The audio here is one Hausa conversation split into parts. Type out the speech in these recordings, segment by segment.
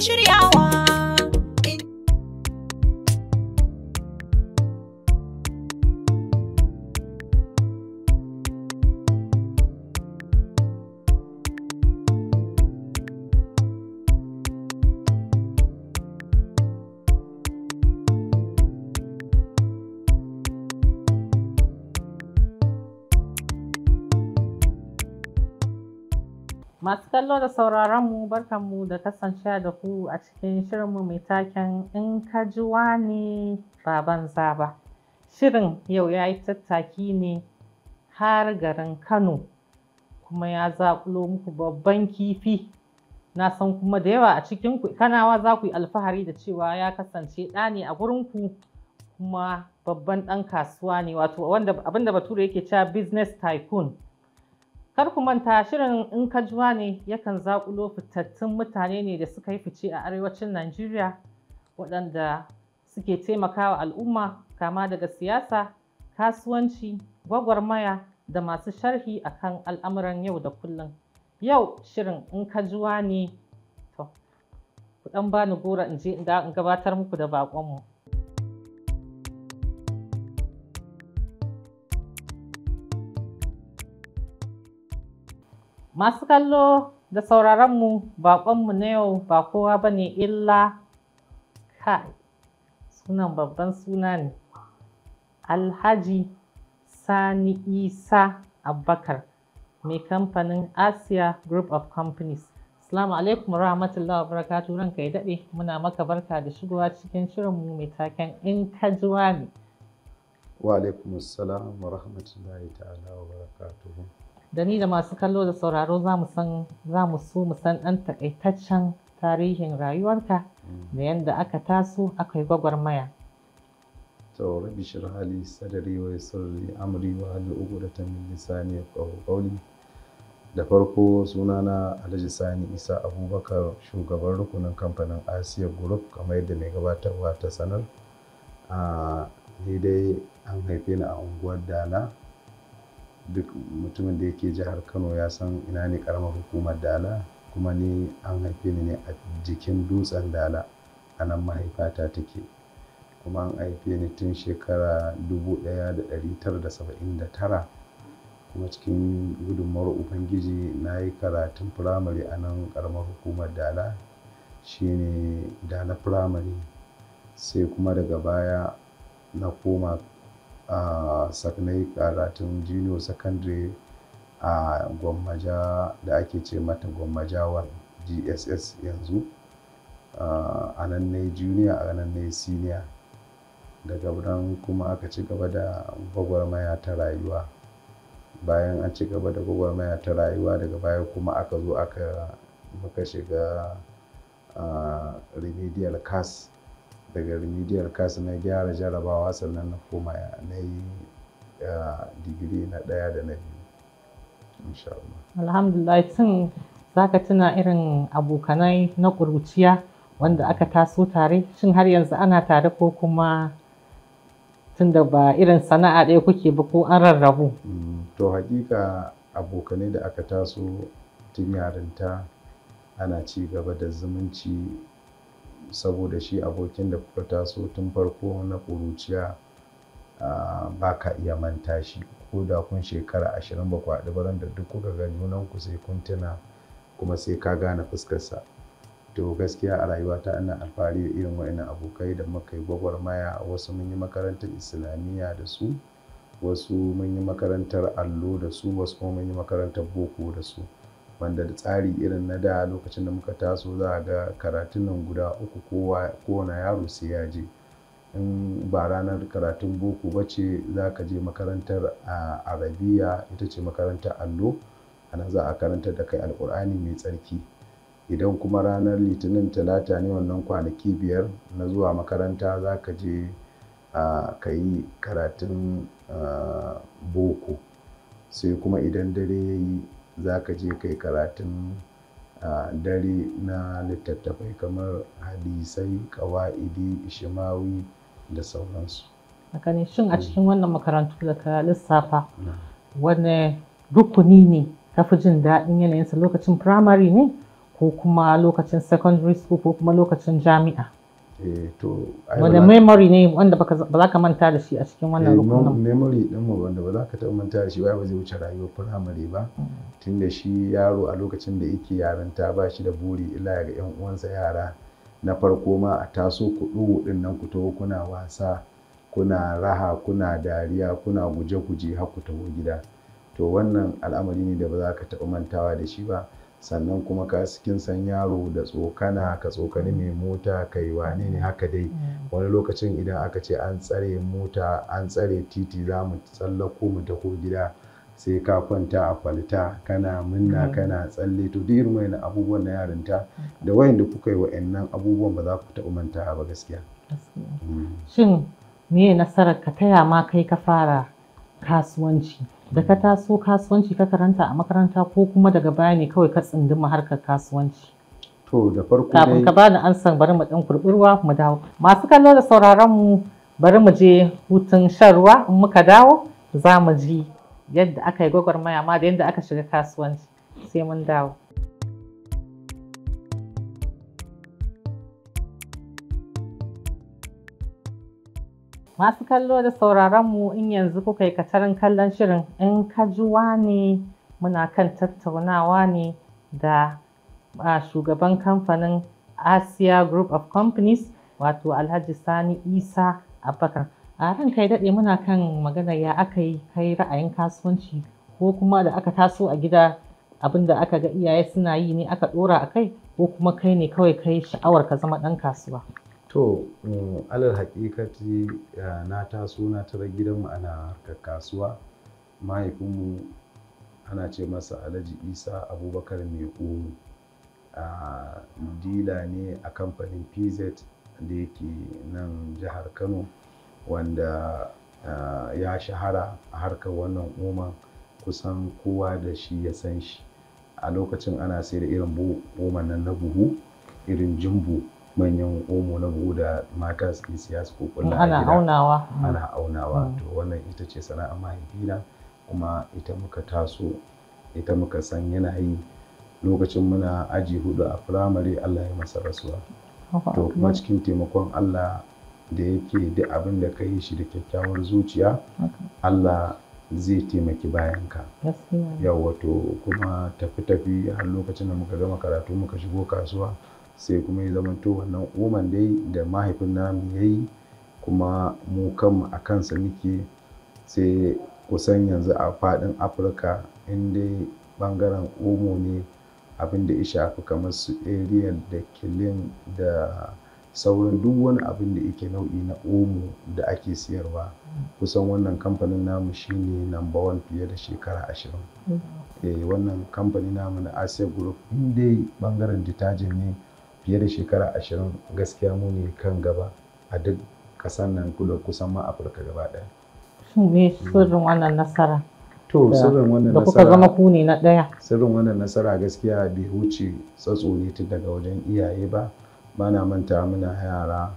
shiryawa kallo da sauraron mu barkan mu da kasancewa da ku a cikin shirin mu mai taken in ka ji wani baban zaba. Shirin yau ya yi tattaki ne har garin Kano kuma ya zaƙulo muku babban kifi. Na san kuma da yawa a cikin kanawa za ku yi alfahari da cewa ya kasance ɗa ne a ku kuma babban ɗan kasuwa ne wato abinda bature yake cewa business tycoon. Kar ku manta shirin in ka juwa ne yakan zaƙulo fitattun mutane ne da suka yi fice a arewacin Najeriya waɗanda suke taimakawa al'umma kama daga siyasa, kasuwanci, gwagwarmaya da masu sharhi akan al'amuran yau da kullum. Yau shirin in ka juwa ne to, ku ɗan bani gora in je in gabatar muku da baƙonmu. Masu kallo da sauraronmu baƙonmu na yau ba kowa ba ne illa kai sunan babban suna ne Alhaji Sani Isa Abubakar mai kamfanin Asia Group of Companies. salamu alaikum rahmatullahi wabarakatuh ranka ya daɗe muna maka barka da shigowa cikin shirinmu mai taken in ka Wa alaikum assalam wa rahmatullahi ta'ala wa barakatuhu. da ni da masu kallo da sauraro za mu so mu san ɗan takaitaccen tarihin rayuwarka da yadda aka taso aka yi gwagwarmaya. To rabi hali sadari wa sirri amri wa hali uku da ta min lisani ya kauli. Da farko sunana Alhaji Sani Isa Abubakar shugaban rukunin kamfanin asia Group kamar yadda mai gabatarwa ta sanar. Ah, ni dai an haife ni a unguwar Dala duk mutumin da yake jihar kano ya san ina ne karamar hukumar dala kuma ni an haife ni ne a jikin dutsen dala a nan mahaifata take kuma an haife ni tun shekara 1979 kuma cikin gudunmawar ubangiji na yi karatun firamare a nan karamar hukumar dala shine dala firamare sai kuma daga baya na koma na yi karatun junior secondary a gwammaja da ake ce mata gwammajawar gss yanzu a nan na junior a nan na senior daga nan kuma aka ci gaba da gwagwarmaya ta rayuwa bayan an ci gaba da gwagwarmaya ta rayuwa daga baya kuma aka zo aka muka shiga remedial cas daga remedial class na gyara jarabawa sannan na koma na yi digiri na ɗaya da na biyu insha Allah alhamdulillah tun zaka tuna irin abokanai na ƙuruciya wanda aka taso tare shin har yanzu ana tare ko kuma da ba irin sana'a ɗaya kuke ba ko an rarrabu mm, to hakika abokanai da aka taso tun yarinta ana ci gaba da zumunci saboda shi abokin da kuka taso tun farko na ƙuruciya ba ka iya manta shi ko da kun shekara ashirin ba ku haɗu da duk kuka ga junanku sai kun tuna kuma sai ka gane fuskarsa to gaskiya a rayuwata ana alfahari da irin wa'annan abokai da muka yi gwagwarmaya wasu mun yi makarantar islamiyya da su wasu mun yi makarantar allo da su wasu kuma mun yi makarantar boko da su wanda da tsari irin na da lokacin da muka taso za a ga karatun nan guda uku kowane yaro sai ya je in ba ranar karatun boko ba ce za ka je makarantar arabiya ita ce makarantar allo ana za a karantar da kai alkur'ani mai tsarki idan kuma ranar litinin talata ne wannan kwanaki biyar na zuwa makaranta za ka je ka yi karatun boko sai kuma idan dare ya yi za ka je kai karatun dare na littattafai kamar hadisai ƙawa'idi shimawi da sauransu a shin a mm. cikin wannan makarantu da ka lissafa mm. wani rukuni ne ka fi jin daɗin yanayinsa lokacin firamare ne ko kuma lokacin secondary school ko kuma lokacin jami'a Eh, wanda memory ne wanda ba za ka manta da shi a cikin wannan eh, rukunin memory din mu wanda ba za ka taɓa manta da shi ba zai wuce rayuwa firamare ba mm. tunda shi yaro a lokacin da yake yaranta ba shi da buri illa ga yan uwansa yara na farko ma a taso kuɗu ɗuwu ɗin nan ku taho kuna wasa kuna raha kuna dariya kuna guje-guje har ku taho gida to wannan al'amari ne da ba za ka taɓa mantawa da shi ba sannan kuma ka cikin san yaro da tsokana ka tsokani mai mota ka yi wane ne haka dai mm. wani lokacin idan aka ce an tsare mota an tsare titi za mu tsallako mu taho gida sai ka kwanta a kwalta kana minna mm. kana tsalle to duk irin wayannan abubuwan na yarinta mm. da wayanda kuka yi wayannan abubuwan ba za ku taɓa manta ba gaskiya shin me nasarar ka taya ma kai ka fara kasuwanci da ka taso kasuwanci ka karanta a makaranta ko kuma daga baya ne kawai ka tsinduma harkar kasuwanci to da farko kafin ka bani an san bari mu ɗan kurburwa mu dawo masu kallo da sauraron mu bari mu je hutun shan ruwa in muka dawo za mu ji yadda aka yi gwagwarmaya ma da yadda aka shiga kasuwanci sai mun dawo Masu kallo da sauraron mu in yanzu kuka yi katarin kallon shirin in ka kajuwa ne muna kan tattaunawa ne da shugaban kamfanin Asia Group of Companies wato Alhaji Sani Isa Abubakar. A ran kai daɗe muna kan magana ya aka yi kai ra'ayin kasuwanci ko kuma da aka taso a gida abin da aka ga iyaye suna yi ne aka ɗora a kai ko kuma kai ne kawai kai sha'awar ka zama ɗan kasuwa. To, alal haƙiƙati na taso na tara gidanmu ana harkar kasuwa. Mahaifinmu ana ce masa Alhaji Isa Abubakar Mai a Dila ne a kamfanin PZ da yake nan jihar Kano wanda ya shahara a harkar wannan oman kusan kowa da shi ya san shi. A lokacin ana sai da irin oman nan na buhu, irin jumbo. manyan omo na buhu da mata suke siya su kukulla a gida aunawa hmm. ana aunawa hmm. to wannan ita ce sana'ar mahaifina kuma ita muka taso ita muka san yana yi lokacin muna aji hudu a firamare Allah ya masa rasuwa to kuma cikin taimakon Allah da yake duk abin da ka yi shi da kyakkyawar zuciya Allah zai taimaki bayan ka yawa to kuma tafi-tafi har lokacin da muka gama karatu muka shigo kasuwa sai kuma ya zamanto wannan umar dai da mahaifin namu ya yi kuma mu kanmu a kansa muke sai kusan yanzu a faɗin afirka in dai bangaren omo ne abin da ya shafi kamar su ariel da kilin da sauran duk wani abin da yake nau'i na omo da ake siyarwa kusan wannan kamfanin namu shine number one fiye da shekara ashirin mm-hmm. eh, wannan kamfanin namu na asia group in dai bangaren detergent ne fiye da shekara ashirin gaskiya mu ne kan gaba a duk ƙasar nan kusan ma afirka gaba ɗaya me sirrin wannan nasara to sirrin wannan nasara da kuka zama ku ne na ɗaya sirrin wannan nasara gaskiya bai huce tsatso ne tun daga wajen iyaye ba na manta muna yara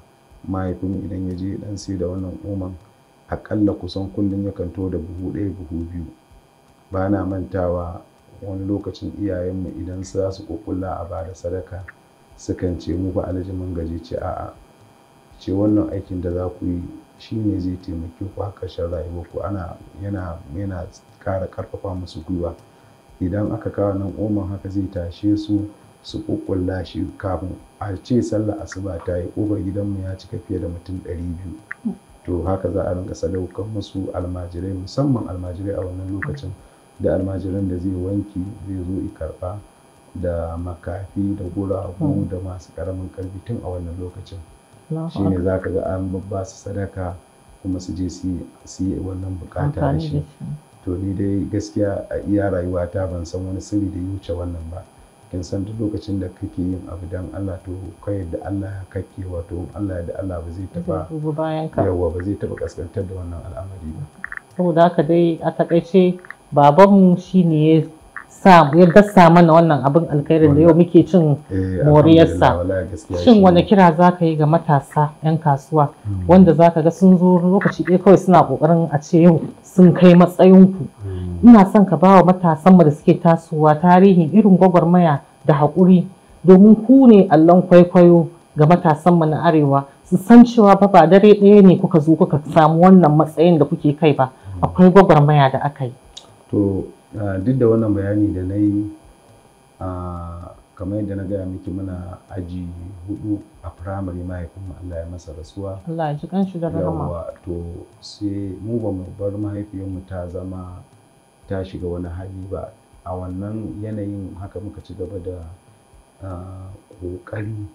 mahaifin idan ya je dan sai da wannan umar akalla kusan kullum yakan to da buhu ɗaya buhu biyu ba bana mantawa wani lokacin iyayenmu idan za su kukula a bada sadaka sukan ce mu ba alhaji mun gaji ce a'a ce wannan aikin da za ku yi shi ne zai taimake ku haka shan rayuwa ku ana yana yana ƙara ƙarfafa musu gwiwa idan aka kawo nan omon haka zai tashe su su kukkulla shi kafin a ce sallah asuba ta yi ƙofar mu ya cika fiye da mutum ɗari biyu to haka za a rinka sadaukar musu almajirai musamman almajirai a wannan lokacin da almajiran da zai wanki zai zo i karɓa da makafi da guragu hmm. da masu karamin karfi tun a wannan lokacin ne za ka ga an babba su sadaka kuma su je su yi wannan bukata da shi to ni dai gaskiya a iya rayuwata ban san wani sirri da ya wuce wannan ba kin san duk lokacin da kake yin abu dan Allah to kai da Allah ya kake wato Allah da Allah ba zai taba yawa ba zai taba kaskantar da wannan al'amari ba saboda haka dai a takaice babanmu shine ya ya gasa mana wannan abin alkhairin da yau muke cin eh, moriyarsa shin wani kira za ka yi ga matasa 'yan kasuwa hmm. wanda za ka ga sun zo lokaci ɗaya kawai suna ƙoƙarin a ce yau sun kai matsayinku hmm. ina son ka bawa matasan da suke tasowa tarihin irin gwagwarmaya da haƙuri domin ku ne allon kwaikwayo ga matasan na arewa su san cewa ba ba dare ɗaya ne kuka zo kuka samu wannan matsayin da kuke kai ba hmm. akwai gwagwarmaya da aka yi Eh, duk da wannan bayani da na yi kamar yadda na gaya miki muna aji hudu a firamare mahaifinmu Allah ya masa rasuwa. Allah ya ji shi da rahama. to sai mu ba mu bar mahaifiyarmu ta zama ta shiga wani hali ba a wannan yanayin haka muka ci gaba da kokari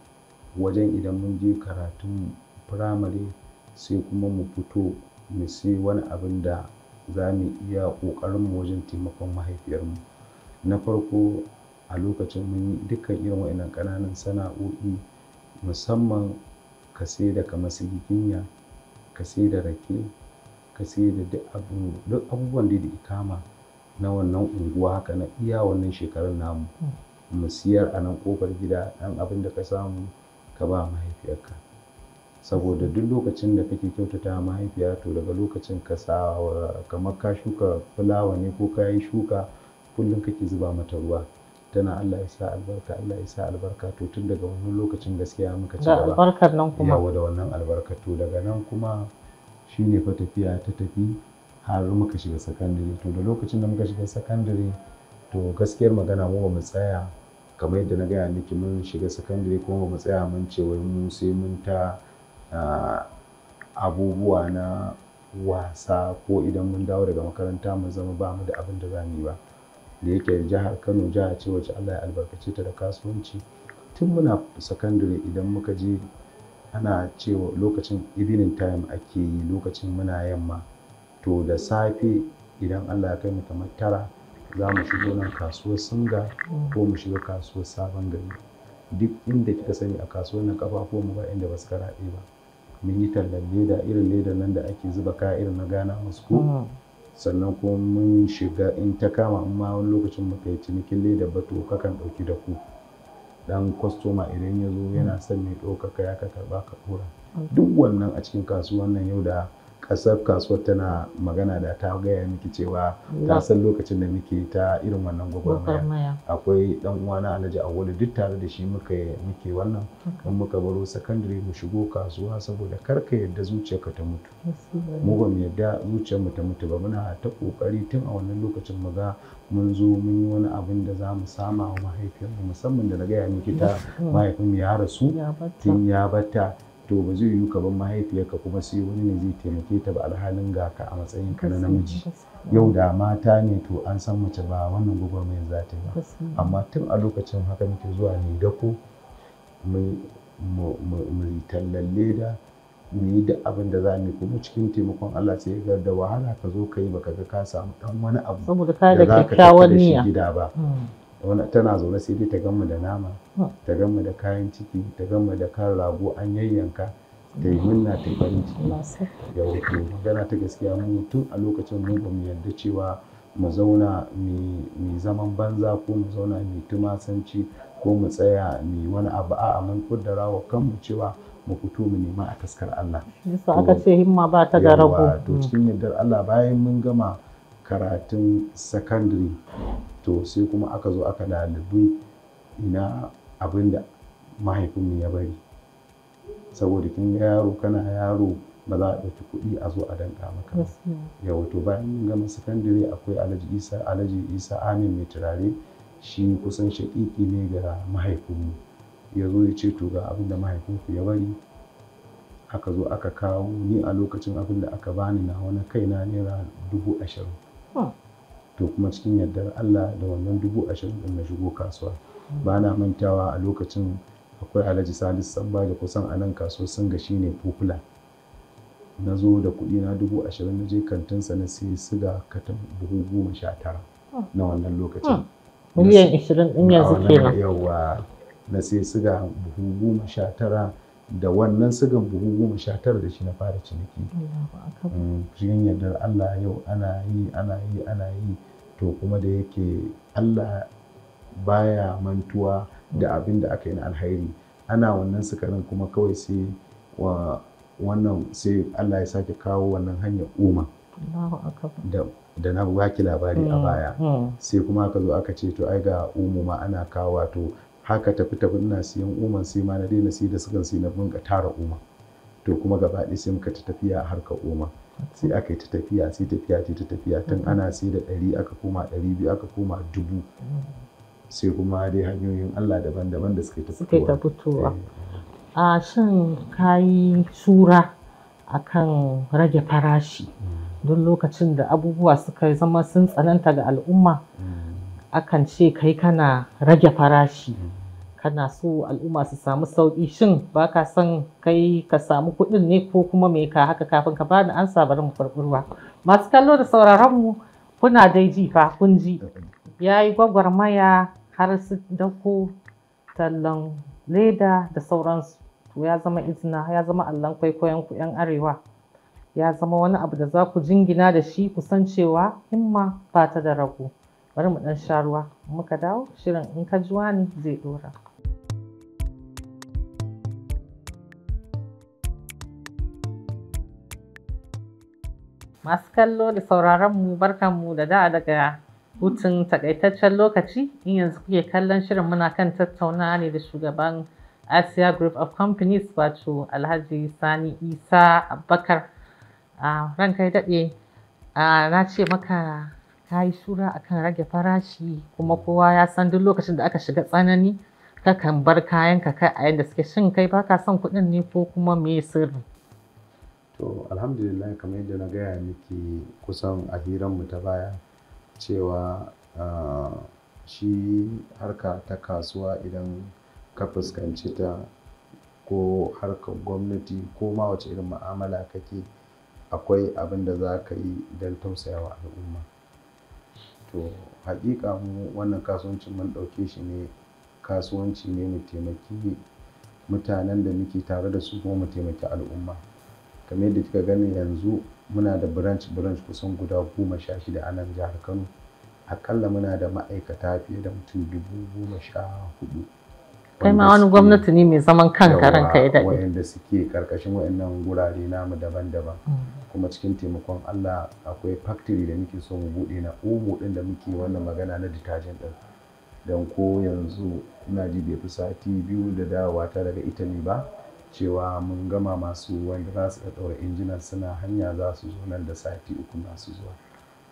wajen idan mun je karatun firamare sai kuma mu fito mu sai wani abin da za mu iya ƙoƙarinmu wajen taimakon mahaifiyarmu na farko a lokacin mun yi dukkan irin wa'innan ƙananan sana'o'i musamman ka sai da kamar su ka sai da rake ka sai da duk abubuwan da da kama na wannan unguwa haka na iya wannan shekarar namu hmm. mu siyar a nan ƙofar gida ɗan abin da ka samu ka ba mahaifiyarka saboda duk lokacin da kake kyautata mahaifiya to daga lokacin ka sa kamar ka shuka fulawa ne ko ka yi shuka kullum kake zuba mata ruwa tana Allah ya sa albarka Allah ya sa albarka to tun daga wannan lokacin gaskiya muka ci gaba da albarkar nan kuma yawa da wannan albarka to daga nan kuma shine fa tafiya ta tafi har muka shiga sakandare to da lokacin da muka shiga sakandare to gaskiyar magana mu ba mu tsaya kamar yadda na gaya miki mun shiga sakandare kuma ba mu tsaya mun ce wai mu sai mun ta abubuwa na wasa ko idan mun dawo daga makaranta mu zama bamu da abin da za mu yi ba da yake jihar kano jiha ce wacce allah ya albarkace ta da kasuwanci tun muna sakandare idan muka je ana cewa lokacin evening time ake yi lokacin muna yamma to da safe idan allah ya kai mu kamar tara za mu shigo nan kasuwar singa ko mu shiga kasuwar sabon gari duk inda kika sani a kasuwar na kafafuwan mu ba inda ba su karaɗe ba mun yi tallar leda irin leda nan da ake zuba kaya irin na Ghana Moscow hmm. sannan kuma mun shiga in ta kama in wani lokacin muka yi cinikin leda ba to kakan ɗauki da ku dan kwastoma idan ya zo yana son mai ɗaukaka ya ka karɓa ka ɗora duk wannan a cikin kasuwan nan yau da kasar kasuwar tana magana da ta gaya miki cewa ta san lokacin da muke ta irin wannan gwagwarmaya akwai dan uwana alhaji awolu duk tare da shi muka muke wannan kan muka baro sakandare mu shigo kasuwa saboda karka ka yadda zuciyarka ta mutu mu ba mu yadda zuciyar mu ta mutu ba muna ta kokari tun a wannan lokacin mu ga mun zo mun yi wani abin da za mu sama wa mahaifiyarmu musamman da na gaya miki ta mahaifinmu ya rasu tun ya bata to ba zai yiwu ka ban mahaifiyarka kuma sai wani ne zai taimake ta ba alhalin ga ka a matsayin ka na namiji yau da mata ne to an san mace ba wannan gwagwarmayar za ta yi ba amma tun a lokacin haka muke zuwa ne ko mai tallan leda mu yi duk abin da za mu kuma cikin taimakon Allah sai ya da wahala ka zo ka yi baka ga ka samu dan wani abu da za ka tafi da shi gida ba hmm. tana zaune sai dai ta gamu da nama ta gamu da kayan ciki ta gamu da kan rago an yayyanka ta yi minna ta farin ciki ya wato magana ta gaskiya mu tun a lokacin mu ba mu yarda cewa mu zauna mu zaman banza ko mu zauna mu tumasanci ko mu tsaya mu wani abu a'a mun kuddara wa kanmu cewa mu fito mu nema a taskar Allah. Yasa aka ce himma ba ta da rago. To cikin yardar Allah bayan mun gama karatun sakandare to sai kuma aka zo aka lalabi ina abin da mahaifinmu ya bari saboda kin ga yaro kana yaro ba za a ɗauki kuɗi a zo a danka maka ba yawa bayan mun gama sakandare akwai alhaji isa alhaji isa amin mai turare shi kusan shaƙiƙi ne ga mahaifinmu ya zo ya ce to ga abin da mahaifinku ya bari aka zo aka kawo ni a lokacin abin da aka bani na wani kaina naira dubu ashirin to kuma cikin yardar Allah da wannan dubu ashirin din na shigo kasuwa ba na mantawa a lokacin akwai alhaji salisu sabba da kusan a nan kasuwa sun ga ne popular na zo da kuɗi na dubu ashirin na je kantinsa na sai suga katon buhu goma sha tara na wannan lokacin hmm. miliyan ashirin din yanzu kenan yawa na sai suga buhu goma sha tara da wannan sigan buhu goma sha tara da shi na fara ciniki mm, cikin yardar Allah yau ana yi ana yi ana yi to kuma da yake Allah baya mantuwa da abin da aka yi na alhairi ana wannan sukarin kuma kawai sai wa wannan sai Allah ya sake kawo wannan hanyar umar da na baki labari a mm, baya mm. sai kuma aka zo aka ce to ai ga umu ma ana kawo wato haka tafi tafi ina siyan uman sai ma na daina sai da sukan sai na bunga tara uma to kuma gaba ɗaya sai muka ta tafiya a harkar uma sai aka yi ta tafiya sai tafiya ta tafiya tun ana sai da ɗari aka koma ɗari biyu aka koma dubu sai kuma dai hanyoyin Allah daban-daban da suka yi ta fitowa. Eh. A shin kayi tsura akan rage farashi hmm. don lokacin da abubuwa suka zama sun tsananta ga al'umma hmm. akan ce kai kana rage farashi hmm. kana so al'umma su samu sauƙi shin ba ka son kai ka samu kuɗin ne ko kuma me ka haka kafin ka bani ansa bari mu farfurwa masu kallo da sauraron mu kuna dai ji fa kun ji ya yi gwagwarmaya har su dako tallan leda da sauransu to ya zama izina ya zama allon kwaikwayon ku yan arewa ya zama wani abu da za ku jingina da shi kusan cewa himma ba ta da rago bari mu dan sha ruwa muka dawo shirin in ka juwa ne zai dora Masu kallo da sauraron mu barkan mu da da daga hutun takaitaccen lokaci in yanzu kuke kallon shirin muna kan tattauna ne da shugaban Asia Group of Companies wato Alhaji Sani Isa Abubakar a kai daɗe na ce maka ka yi shura akan rage farashi kuma kowa ya san duk lokacin da aka shiga tsanani kakan bar kayan ka kai a yadda suke shin kai baka son kuɗin ne ko kuma me sirri To alhamdulillah kamar yadda na gaya miki kusan a hiranmu ta baya cewa ah, shi harka ta kasuwa idan ka fuskanci ta ko harkar gwamnati ko ma wace irin ma'amala kake akwai abin da za ka yi don tausayawa al'umma to hakika mu wannan kasuwancin mun ɗauke shi ne kasuwanci ne mu taimaki mutanen da muke tare da su kuma mu taimaki al'umma kamar yadda kika gani yanzu muna da branch branch kusan guda goma sha shida a nan jihar kano akalla muna da ma'aikata fiye da mutum dubu goma sha hudu kai ma wani gwamnati ne mai zaman kanka ranka ya daɗe wayanda suke karkashin wayannan gurare namu daban-daban mm. kuma cikin taimakon Allah akwai factory da muke so mu buɗe na omo ɗin da muke wannan magana na detergent ɗin don ko yanzu ina ji bai fi sati biyu da dawowa ta daga Italy ba cewa mun gama masu wanda za su ɗaura injinan suna hanya za su zo nan da sati uku masu zuwa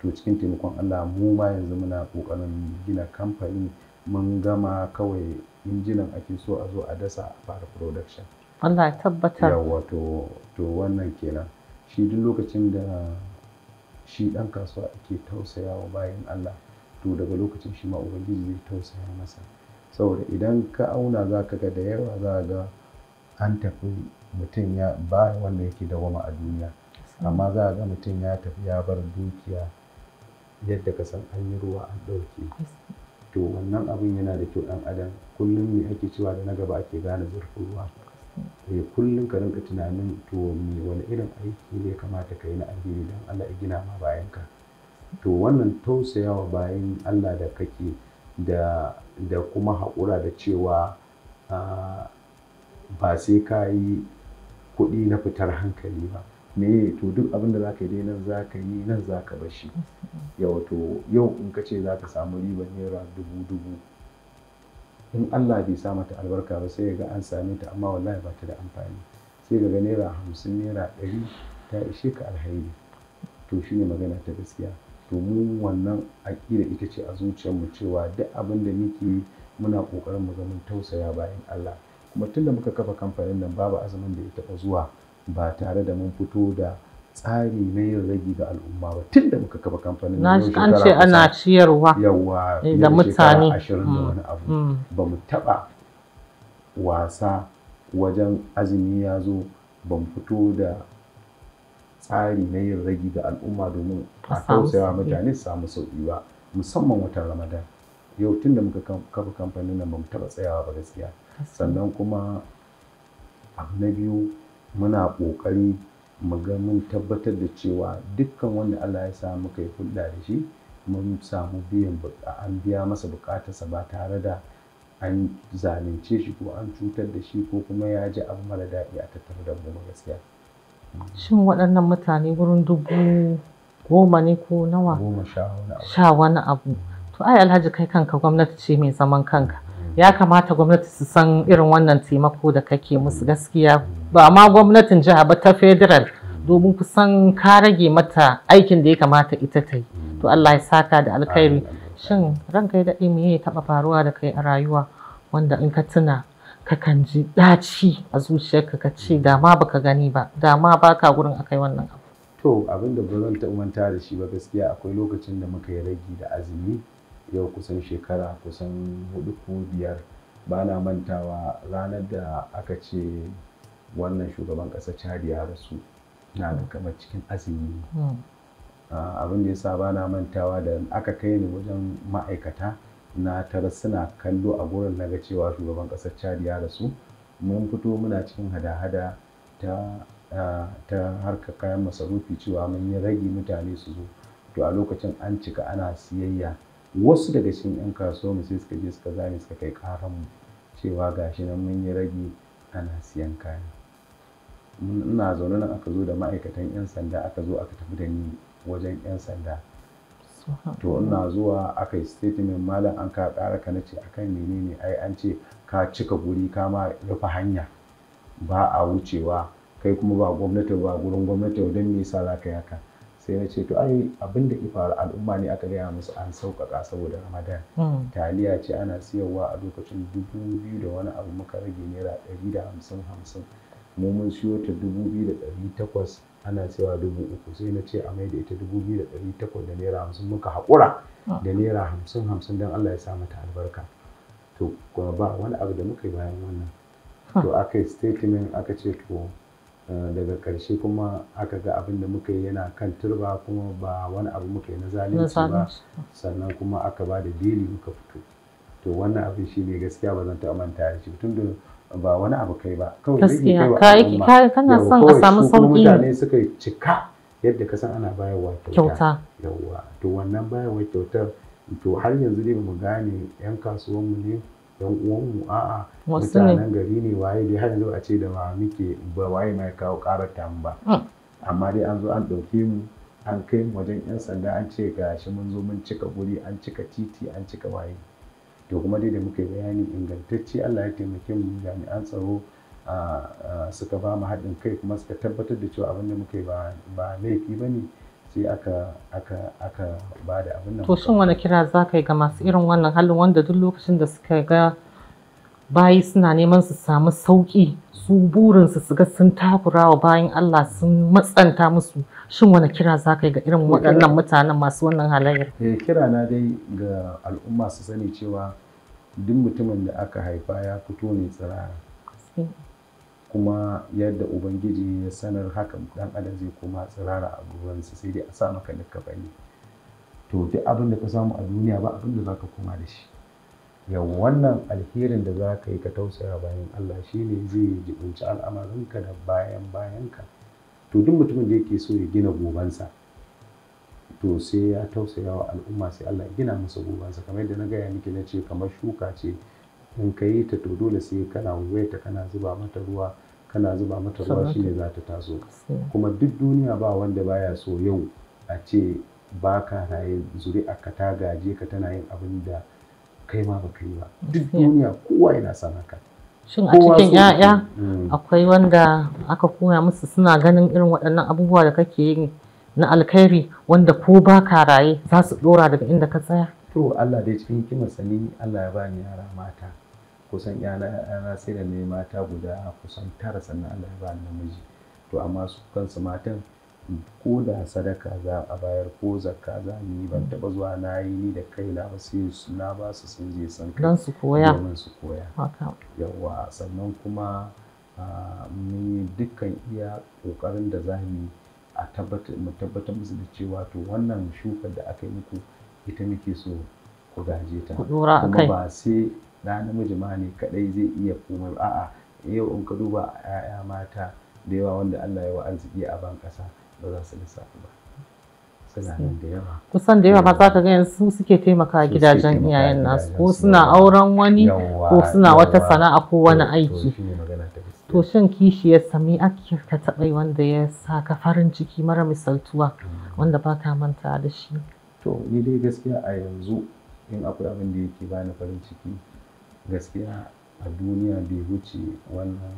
to cikin taimakon allah mu ma yanzu muna ƙoƙarin gina kamfani mun gama kawai injinan ake so a zo a dasa a fara production Allah tabbatar yawa to to wannan kenan shi duk lokacin da shi ɗan kasuwa ake tausaya wa bayan Allah to daga lokacin shi ma ubangiji zai tausaya masa saboda idan ka auna za ka ga da yawa za ga an tafi mutum ya ba wanda yake dawama a duniya amma za a ga mutum ya tafi ya bar dukiya yadda ka san an yi ruwa an ɗauke to wannan abin yana da kyau ɗan adam kullum me ake cewa da na gaba ake gane zurfin ruwa eh kullum ka rinka tunanin to me wani irin aiki ne kamata ka yi na alheri don Allah ya gina ma bayan ka to wannan tausayawa bayan Allah da kake da da kuma haƙura da cewa ah, ba sai ka yi kuɗi na fitar hankali ba me to duk abin da zaka yi nan zaka yi nan zaka bar shi yau to yau in ka ce zaka samu riban naira dubu dubu in Allah bai sa mata albarka ba sai ga an same ta amma wallahi ba ta da amfani sai ga naira hamsin naira ɗari ta ishe ka alhairi to shine magana ta gaskiya to mu wannan aƙida ita ce a zuciyarmu cewa duk abin da muke muna ƙoƙarin mu ga mun tausaya bayan Allah kuma tunda muka kafa kamfanin nan babu azumin da ya taɓa zuwa ba tare da mun fito da tsari na yin ragi ga al'umma ba tun da muka kafa kamfanin na shi an ce ana ciyarwa yawa eh, da mutane ashirin mm, mm. ba mu taɓa wasa wajen azumi ya zo ban fito da tsari na yin ragi ga al'umma domin a tausayawa mutane su samu sauƙi ba musamman watan ramadan yau tunda da muka kafa kamfanin nan ba mu taɓa tsayawa ba gaskiya sannan kuma abu na biyu muna ƙoƙari mu ga mun tabbatar da cewa dukkan wanda Allah ya sa muka yi hulɗa da shi mun samu biyan an biya masa buƙatarsa ba tare da an zalunce shi ko an cutar da shi ko kuma ya ji abu mara daɗi a tattare da mu gaskiya. Shin waɗannan mutane wurin dubu goma ne ko nawa? Goma sha wani abu. To ai Alhaji kai kanka gwamnati ce mai zaman kanka. ya kamata gwamnati su san irin wannan taimako da kake musu gaskiya ba ma gwamnatin jiha ba ta federal domin kusan ka rage mata aikin da ya kamata ita ta yi to Allah ya saka da alkhairi shin ranka ya daɗe me ya taɓa faruwa da kai a rayuwa wanda in ka tuna ka kan ji ɗaci a zuciyarka ka ce da ma baka gani ba da ma baka gurin akai wannan abu to abin da ba zan ta manta da shi ba gaskiya akwai lokacin da muka yi rage da azumi yau kusan shekara kusan hudu ko biyar ba na mantawa ranar da aka ce wannan shugaban kasa cari ya rasu na da kamar cikin azumi hmm. abin da ya sa ba na mantawa da aka kai ni wajen ma'aikata na tara suna kallo a gurin na ga cewa shugaban ƙasar cari ya rasu mun fito muna cikin hada-hada ta ta harkar kayan masarufi cewa mun yi ragi mutane su zo to a lokacin an cika ana siyayya wasu daga cikin 'yan kasuwa mu sai suka je suka zame suka kai karan mu cewa gashi nan mun yi rage ana siyan kaya ina zaune nan aka zo da ma'aikatan 'yan sanda aka zo aka tafi da ni wajen 'yan sanda to ina zuwa aka yi statement malam an ka ƙara ka nace akan menene ai an ce ka cika guri ka ma rufe hanya ba a wucewa kai kuma ba gwamnati ba gurin gwamnati don me yasa za ka yi haka? sai na ce to ai abin da ya faru al'umma ne aka gaya musu an sauƙaƙa saboda ramadan hmm. taliya ce ana siyarwa a lokacin dubu biyu da wani abu muka rage naira ɗari da hamsin hamsin mu mun siyo ta dubu biyu da ɗari takwas ana siyarwa dubu uku sai na ce a mai da ita dubu biyu da ɗari takwas da naira hamsin muka haƙura hmm. da naira hamsin hamsin don allah ya sa mata albarka to kuma ba wani abu da muka yi bayan wannan to aka yi statement aka ce to Eh, daga ƙarshe kuma aka ga abin da muka yi yana kan turba kuma ba wani abu muka yi na zalunci ba sannan kuma aka ba da beli muka fito to wannan abin shi ne gaskiya ba zan taɓa manta da shi tun da ba wani abu kai ba kawai gaskiya ka kana son a samu sauƙi mutane suka cika yadda ka san ana bayarwa kyauta yawwa to wannan bayarwa kyautar to har yanzu dai mu gane 'yan kasuwanmu ne yan uwanmu a'a mutanen gari ne waye dai har yanzu a ce da ma muke ba waye mai kawo karar ta ba hmm. amma dai an zo an ɗauke mu an kai mu wajen yan sanda an ce ga shi mun zo mun cika guri an cika titi an cika waye to kuma dai da muke bayani ingantacce Allah ya taimake mu jami'an tsaro suka ba mu haɗin kai kuma suka tabbatar da cewa abin da muke ba laifi ba ne sai aka aka aka bada abin nan to shin wani kira za ka ga masu irin wannan halin wanda duk lokacin da suka ga bayi suna neman su samu sauki su burinsu su ga sun takura wa bayan Allah sun matsanta musu shin wani kira za ka yi ga irin waɗannan mutanen masu wannan halayyar eh, kira na dai ga al'umma su sani cewa duk mutumin da aka haifa ya fito ne tsirara kuma yadda ubangiji ya sanar hakan dan adam zai koma tsirara a ruwansa sai dai a sa maka bane to duk abin da ka samu a duniya ba abin da za ka koma da shi yau wannan alherin da za ka yi ka tausaya bayan Allah shi ne zai jibinci al'amarinka da bayan bayanka to duk mutumin da yake so ya gina gobansa to sai ya tausaya wa al'umma sai Allah gina masa gobansa kamar yadda na gaya miki na ce kamar shuka ce in ka yi ta to dole sai kana ta kana zuba mata ruwa kana zuba mata ruwa shine za ta taso kuma duk duniya ba wanda baya so yau a ce ba ka na zuri zuri'a ka ta gaje ka tana yin abin da kai ma ba yi ba duk duniya kowa yana son haka shin a cikin ya'ya mm. akwai wanda aka koya musu suna ganin irin waɗannan abubuwa da kake yi na alkhairi wanda ko ba ka raye za su ɗora daga inda ka tsaya to Allah dai cikin kimar sani Allah ya bani yara mata kusan yana sai da ne mata guda kusan tara sannan Allah ya ba namiji to amma su kansu matan mm, ko da sadaka za a bayar ko zakka za a yi ban taba zuwa na yi ni da na ba sai na ba su sun je san kai don su koya don su koya yawa sannan kuma ah, ni yi dukkan iya kokarin da za mu a tabbatar mu tabbatar musu da cewa to wannan shukar da aka yi muku ita muke so ku gaje ta kuma ba sai da namiji ma ne kadai zai iya komai a'a yau in ka duba ya'ya mata da yawa wanda Allah ya wa arziki a ban kasa ba za su lissafi ba suna nan da yawa kusan da yawa ba za ka ga su suke taimaka gidajen iyayen nasu ko suna auren wani ko suna wata sana'a ko wani aiki to shan kishi ya sami ake ka taɓa wanda ya sa ka farin ciki mara misaltuwa mm. wanda ba ka manta da shi to ni dai gaskiya a yanzu in akwai abin da yake bani farin ciki gaskiya a duniya bai wuce wannan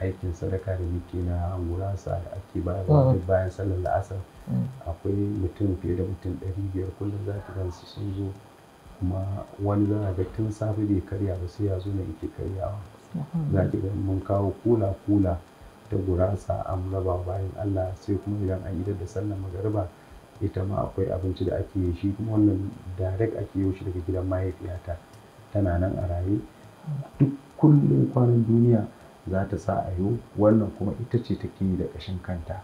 aikin sadaka da muke na gurasa da ake bayarwa mm. duk bayan sallar la'asar mm. akwai mutum fiye da mutum ɗari biyar kullum za ka gan su sun zo kuma wani za ga tun safe bai karya ba sai ya zo na yake karyawa za ki ga mun kawo kula kula da gurasa an raba bayan Allah sai kuma idan an idar da sallar magariba ita ma akwai abinci da ake yi shi kuma wannan direct ake yi shi daga gidan mahaifiyata tana nan a raye duk kullum kwanan duniya za ta sa a yau wannan kuma ita ce take yi da ƙashin kanta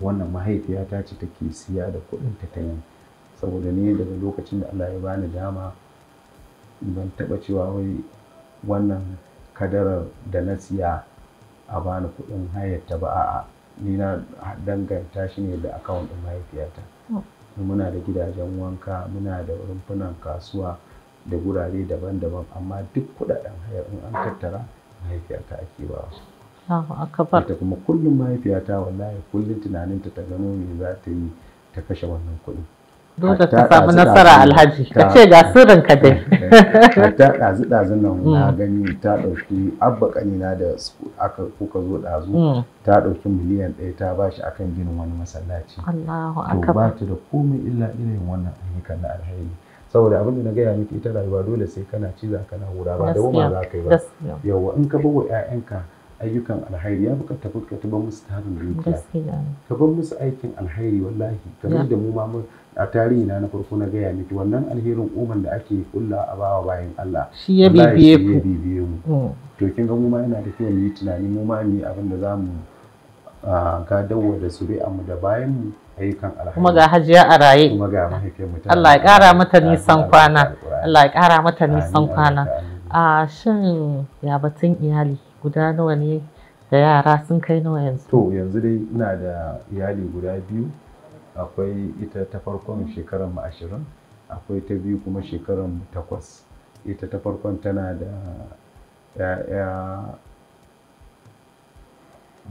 wannan mahaifiyata ce take siya da kuɗin ta yi saboda ne daga lokacin da Allah ya bani dama ban taɓa cewa wai wannan kadarar da na siya a bani kuɗin hayarta ba a'a ni na danganta shi ne da akawun ɗin mahaifiyata hmm. muna da gidajen wanka muna da rumfunan kasuwa da gurare daban-daban amma duk kudaden hayar in an tattara mahaifiyata ake ba ita kuma kullum mahaifiyata wallahi kullum tunaninta ta gano me za ta yi ta kashe wannan kuɗin dole ta samu nasara alhaji ka ce ga sirrin ka dai ta ɗazu ɗazu nan na mm. gani ta ɗauki abba ƙanina da aka kuka zo ɗazu mm. ta ɗauki miliyan ɗaya ta bashi akan ginin wani masallaci to ba ta da komai illa irin wannan ayyukan na alhaji saboda abin da na gaya miki ita rayuwa dole sai kana ciza kana hura ba da wama za ka yi ba yawa in ka bawa ƴaƴanka ayyukan alhairi ya bukata ka ta musu tarin dukiya ka bar musu aikin alhairi wallahi kamar da mu ma a tarihi na na farko na gaya miki wannan alherin umar da ake kulla a bawa bayan Allah shi ya bibiye ku bibiye mu mm. to kin ga mu ma yana da kiyaye yi tunani mu ma mu abin da zamu ah, ga dawo da su mu da bayan mu ayyukan alhaji kuma ga hajiya a raye kuma ga mahaifiyar mutane Allah ya ƙara mata nisan kwana Allah ya ƙara mata nisan kwana a shin ya batun iyali guda nawa ne da yara sun kai nawa yanzu to yanzu dai ina da iyali guda biyu akwai ita ta farkon shekarar mu ashirin akwai ta biyu kuma shekarar mu takwas ita ta farkon tana da ‘ya'ya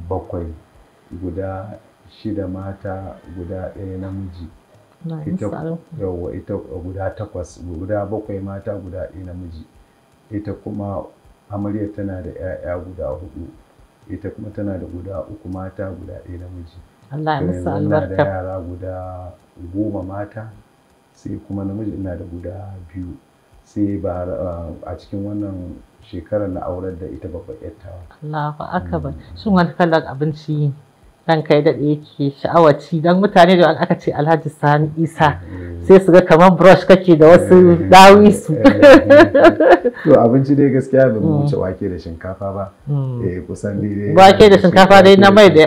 bakwai guda shida mata guda ɗaya namiji ita yawa ita guda takwas guda bakwai mata guda ɗaya namiji ita kuma amarya tana da 'ya'ya guda hudu ita kuma tana da guda uku mata guda ɗaya namiji Allah da yara guda goma mata sai kuma namiji ina da guda biyu sai ba a cikin wannan shekarar na aurar da ita babbar yattawa. Allahu ba, mm. sun wani kalar abinci ranka ya daɗe yake sha'awaci dan mutane da aka ce alhaji sani isa sai su ga kamar brush kake da wasu dawi eh. su eh. to abinci dai gaskiya ba mu hmm. wuce wake da shinkafa ba hmm. eh kusan dai wake da shinkafa dai na mai da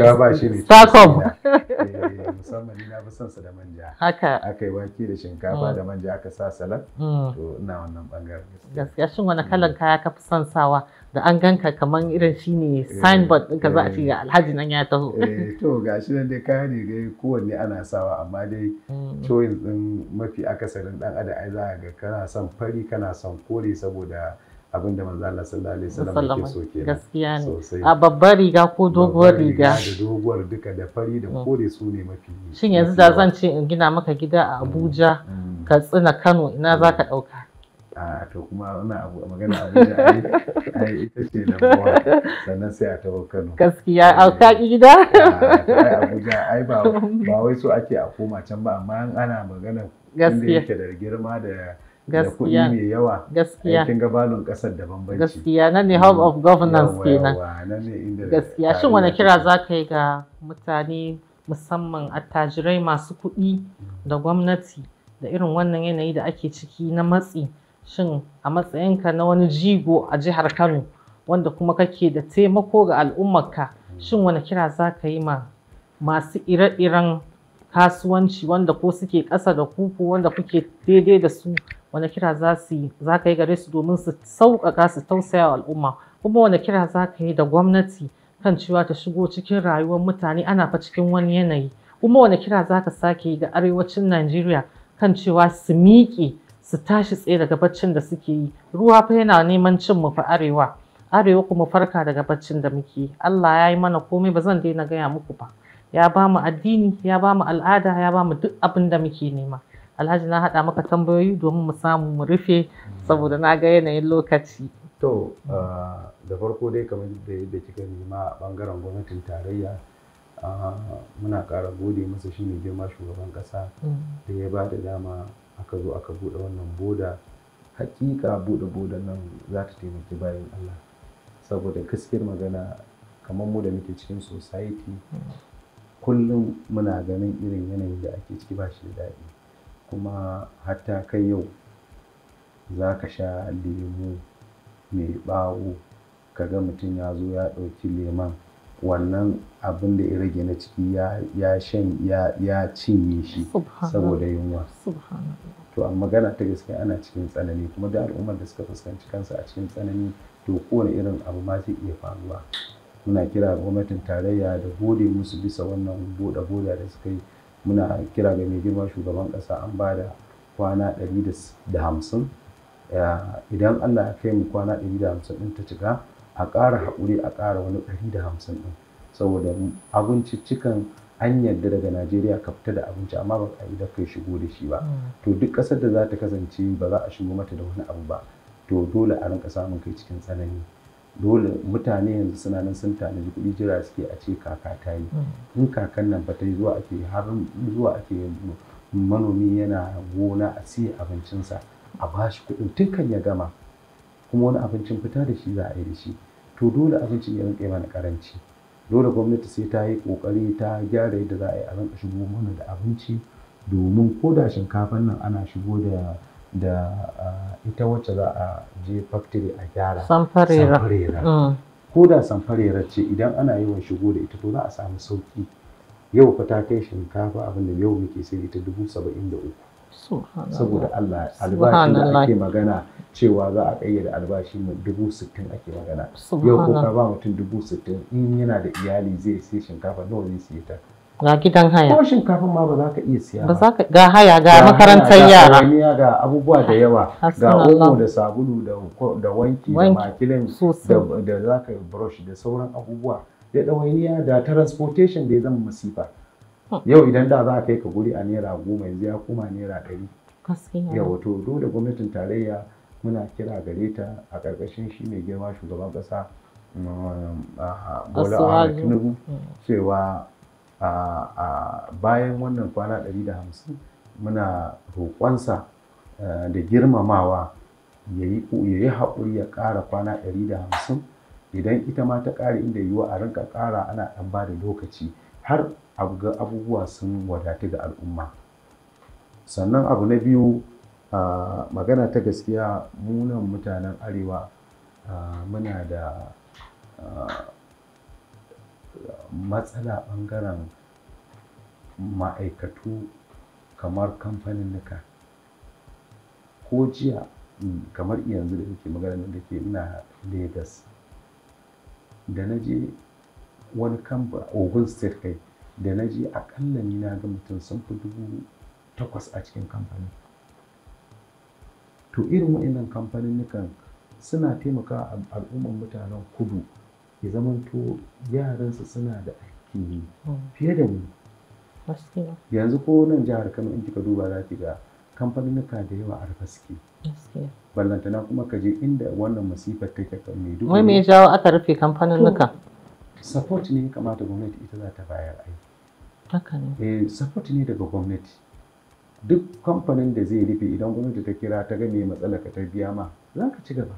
sakom eh, musamman na fi son sa da manja haka akai wake da shinkafa hmm. da manja aka sa salad to ina wannan bangaren gaskiya shin wani kalan kaya ka fi son sawa da an ganka kamar irin shi ne signboard eh, ka za a ce eh. alhaji nan ya taho. Eh, to ga shi nan dai kaya ne gai kowanne ana sawa amma dai mm. choice ɗin mafi akasarin ɗan adam ai za a ga kana son fari kana son kore saboda abin da manzo Allah sallallahu alaihi wasallam yake so gaskiya ne a babbar riga ko doguwar riga da doguwar duka da fari da mm. kore su ne mafi shin yanzu da zan ce in gina maka gida a mm. Abuja ka tsina Kano ina za ka ɗauka a to kuma wannan abu magana a ai ita ce da buwa sannan sai a tawo Kano gaskiya a ka gida ai Abuja ai ba ba wai so ake a koma can ba amma ana magana inda yake da girma da gaskiya mai yawa gaskiya kin ga balon da bambanci gaskiya nan ne hub of governance kenan gaskiya shin wani kira za ka yi ga mutane musamman attajirai masu kuɗi mm. da gwamnati da irin wannan yanayi da ake ciki na matsi shin a matsayinka na wani jigo a jihar Kano wanda kuma kake da taimako ga al'ummarka shin wani kira za ka yi ma masu ire-iren kasuwanci wanda ko suke ƙasa da kuku wanda kuke daidai da su wani kira za ka yi gare su domin su sauƙaƙa su tausaya al'umma kuma wani kira za ka yi da gwamnati kan cewa ta shigo cikin rayuwar mutane ana fa cikin wani yanayi kuma wani kira za ka sake yi ga arewacin najeriya kan cewa su miƙe su tashi tsaye daga baccin da suke yi ruwa fa yana neman cin mu fa arewa arewa kuma farka daga baccin da muke Allah ya yi mana komai ba zan daina gaya muku ba ya ba mu addini ya ba mu al'ada ya ba mu duk abin da muke nema Alhaji na haɗa maka tambayoyi domin mu samu mu rufe saboda na ga yanayin lokaci. To ah, da farko dai kamar da yadda kika nema a ɓangaren gwamnatin tarayya ah, muna ƙara gode masa shi ne girma shugaban ƙasa mm. da ya ba da dama aka zo aka buɗe wannan boda hakika buɗe boda nan za ta taimaki bayan Allah saboda gaskiyar magana kamar mu da muke cikin society kullum muna ganin irin yanayin da ake ciki ba shi da daɗi kuma hatta kai yau za ka sha lemu mai ɓawo ka ga mutum ya zo ya ɗauki leman wannan abin da ya rage na ciki ya shan ya cinye shi saboda yunwa to a magana ta gaske ana cikin tsanani kuma da al'ummar da suka fuskanci kansu a cikin tsanani to kowane irin abu ma zai iya faruwa muna kira gwamnatin tarayya da gode musu bisa wannan buɗe boda da suka yi muna kira ga mai girma shugaban Kasa an ba da kwana 150 idan allah ya kai mu kwana 150 din ta cika a ƙara haƙuri a ƙara wani ɗari da hamsin ɗin saboda abinciccikan an yarda daga najeriya ka fita da abinci amma ba a yi da kai shigo da shi ba mm. to duk ƙasar da za ta kasance ba za a shigo mata da wani abu ba to dole a rinka samun kai cikin tsanani dole mutane yanzu suna nan sun tanaji kuɗi jira suke a ce kaka ta yi mm. in kakan nan ba ta yi zuwa ake har zuwa ake manomi yana gona a siya abincinsa a ba shi kuɗin tun kan ya gama kuma wani abincin fita da shi za a yi da shi to dole abincin ya rinƙa mana karanci dole gwamnati sai ta yi ƙoƙari ta gyara yadda za a yi a rinƙa shigo mana da abinci domin ko da shinkafan nan ana shigo da da ita wacce za a je factory a gyara samfarera mm. ko da samfarera ce idan ana yawan shigo da ita to za a samu sauki yau fa ta kai shinkafa abin da yau muke sai ita dubu saba'in da uku saboda Allah albashin da ake magana cewa za a kayyade albashi mai dubu sittin ake magana yau ko ka ba mutum dubu sittin in yana da iyali zai sai shinkafa nawa zai siya ta ga gidan haya ko shinkafa ma ba za ka iya siya ba ga haya ga makarantar yara ga abubuwa da yawa ga omo da sabulu da wanki da makilin da za ka brush da sauran abubuwa da ɗawainiya da transportation da ya zama masifa yau idan da za a kai ka guri a naira goma yanzu ya koma naira ɗari ya wato dole gwamnatin tarayya muna kira gare ta a ƙarƙashin shi mai girma shugaban ƙasa bola mm. a tinubu cewa bayan wannan kwana ɗari da hamsin muna roƙonsa eh, da girmamawa ya yi haƙuri ya ƙara kwana ɗari da hamsin idan ita ma ta ƙara inda yiwuwa a rinka ƙara ana ɗan ba da lokaci har ga abubuwa sun wadatu ga al'umma sannan abu na biyu magana ta gaskiya munan mutanen arewa muna da matsala ɓangaren ma'aikatu kamar kamfanin nika ko jiya kamar yanzu da yake magana da ke ina lagos da na je wani kamfani ogun state kai da na je akalla ni na ga mutum sun fi dubu takwas a cikin kamfanin to irin waannan kamfaninnukan suna taimaka al'umman mutanen kudu ya zamanto yaransu suna da aiki fiye da ni yanzu ko nan jihar kano in kika duba za ki ga nuka da yawa a rufe suke ballantana kuma ka je inda wannan masifar take kan mai dubu wai me jawo aka rufe nuka. support ne ya kamata gwamnati ita za ta bayar aiki eh support ne daga gwamnati duk kamfanin da zai rufe idan gwamnati ta kira ta ga me matsala ka ta biya ma za ka ci gaba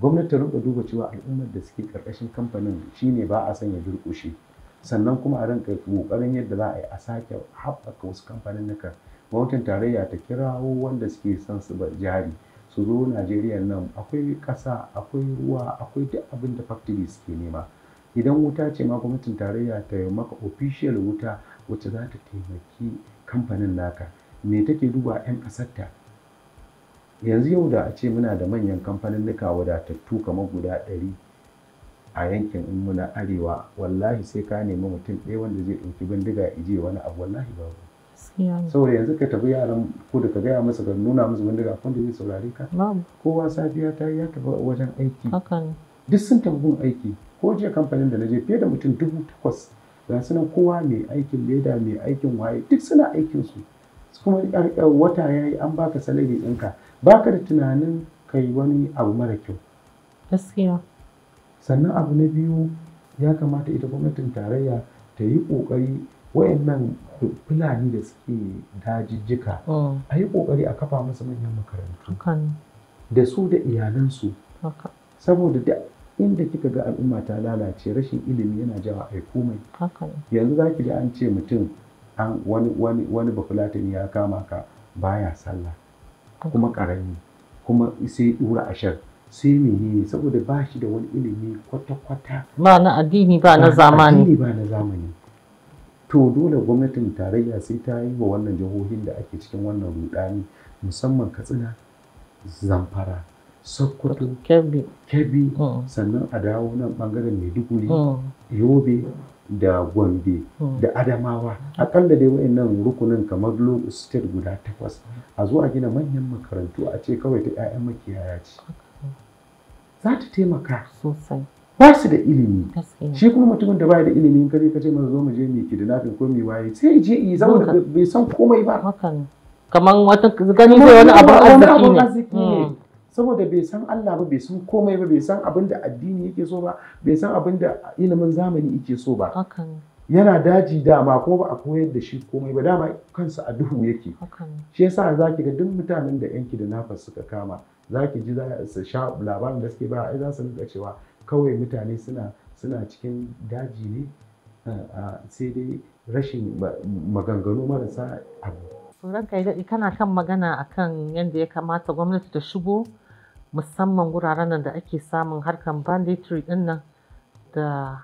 gwamnati ta rinka duba cewa al'ummar da suke karkashin kamfanin shine ba a sanya durƙushe sannan kuma a rinka kokarin yadda za a yi a sake haɓaka wasu kamfanin nuka gwamnatin tarayya ta kirawo wanda suke son su ba jari su zo najeriya nan akwai ƙasa akwai ruwa akwai duk abin da factory suke nema idan wuta ce ma gwamnatin tarayya ta maka official wuta wacce za ta taimaki kamfanin naka me take duba 'yan ƙasarta yanzu yau da a ce muna da manyan kamfanin kamfaninnika wadatattu kamar guda ɗari a yankin in muna arewa wallahi sai ka nemi mutum ɗaya wanda zai ɗauki bindiga ya je wani abu wallahi babu saboda yanzu ka tafi yaran ko da ka gaya musu ka nuna musu bindiga kun da zai saurare ka kowa safiya ta yi ya tafi wajen aiki duk sun tafi aiki ko jiya kamfanin da na je fiye da mutum dubu takwas ga su nan kowa mai aikin leda mai aikin waye duk suna aikin su kuma eh, wata ya yi an baka salari ɗinka baka da tunanin kai wani abu mara kyau gaskiya sannan abu na biyu ya kamata ita gwamnatin tarayya ta yi ƙoƙari wayannan fulani da suke dajijjika oh. a yi ƙoƙari a kafa masa manyan makarantu da su da iyalansu saboda duk inda kika ga al'umma ta lalace rashin ilimi yana jawa yi komai yanzu za ki ga an ce mutum wani wani ya kama ka baya sallah kuma karami kuma sai dura ashar sai ne saboda ba shi da wani ilimi kwata-kwata ba na addini ba na zamani addini ba na zamani to dole gwamnatin tarayya sai ta yi wa wannan jihohin da ake cikin wannan rudani musamman katsina zamfara sokoto kebbi hmm. sannan a dawo nan bangaren maiduguri hmm. yobe da gombe hmm. da adamawa akalla dai wayannan rukunin kamar local state guda takwas a zo a gina manyan makarantu a ce kawai ta 'ya'yan makiyaya ce za ta taimaka sosai ba su da ilimi shi kuma mutumin da baya da ilimi in kaje kace mana zo mu je mu kidnapping ko mai waye sai je yi zama bai san komai ba kamar wata gani da wani abin arziki ne saboda bai san Allah ba bai san komai ba bai san abin da addini yake so ba bai san abin da ilimin zamani yake so ba yana daji dama ko ba a koyar da shi komai ba dama kansa a duhu yake shi yasa zaki ga duk mutanen da yanki da nafas suka kama zaki ji za sha labarin da suke ba ai za su rika cewa kawai mutane suna suna cikin daji ne sai dai rashin maganganu marasa abu. Ranka kana kan magana akan yadda ya kamata gwamnati ta shigo musamman wuraren nan da ake samun Harkar banditry din nan da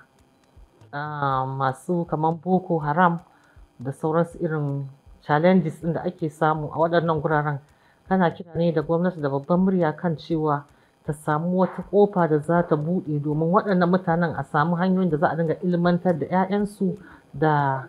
ah, masu kamar boko haram da sauransu irin challenges din da ake samu a waɗannan wuraren, kana kira ne da gwamnati da babban murya kan cewa ta samu wata kofa da za ta buɗe domin waɗannan mutanen a samu hanyoyin da za a dinga ilmantar da 'ya'yansu da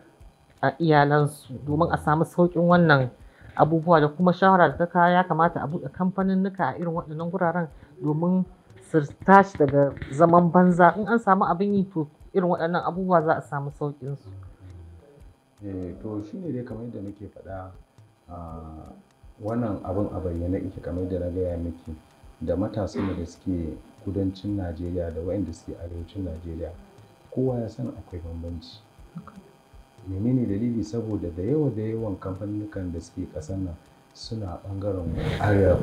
ah, iyalansu domin a samu sauƙin wannan abubuwa da kuma shawara da ta kawo ya kamata a buɗe kamfanin nuka a irin waɗannan guraren domin su tashi daga zaman banza in an samu abin yi to irin waɗannan abubuwa za a samu sauƙin su. Eh, to shi ne dai kamar yadda nake faɗa wannan abin a bayyane ike kamar yadda na gaya miki da matasan da suke kudancin najeriya da waɗanda suke arewacin najeriya kowa ya san akwai bambanci menene dalili saboda da yawa da yawan kamfanin da suke ƙasar nan suna bangaren arewa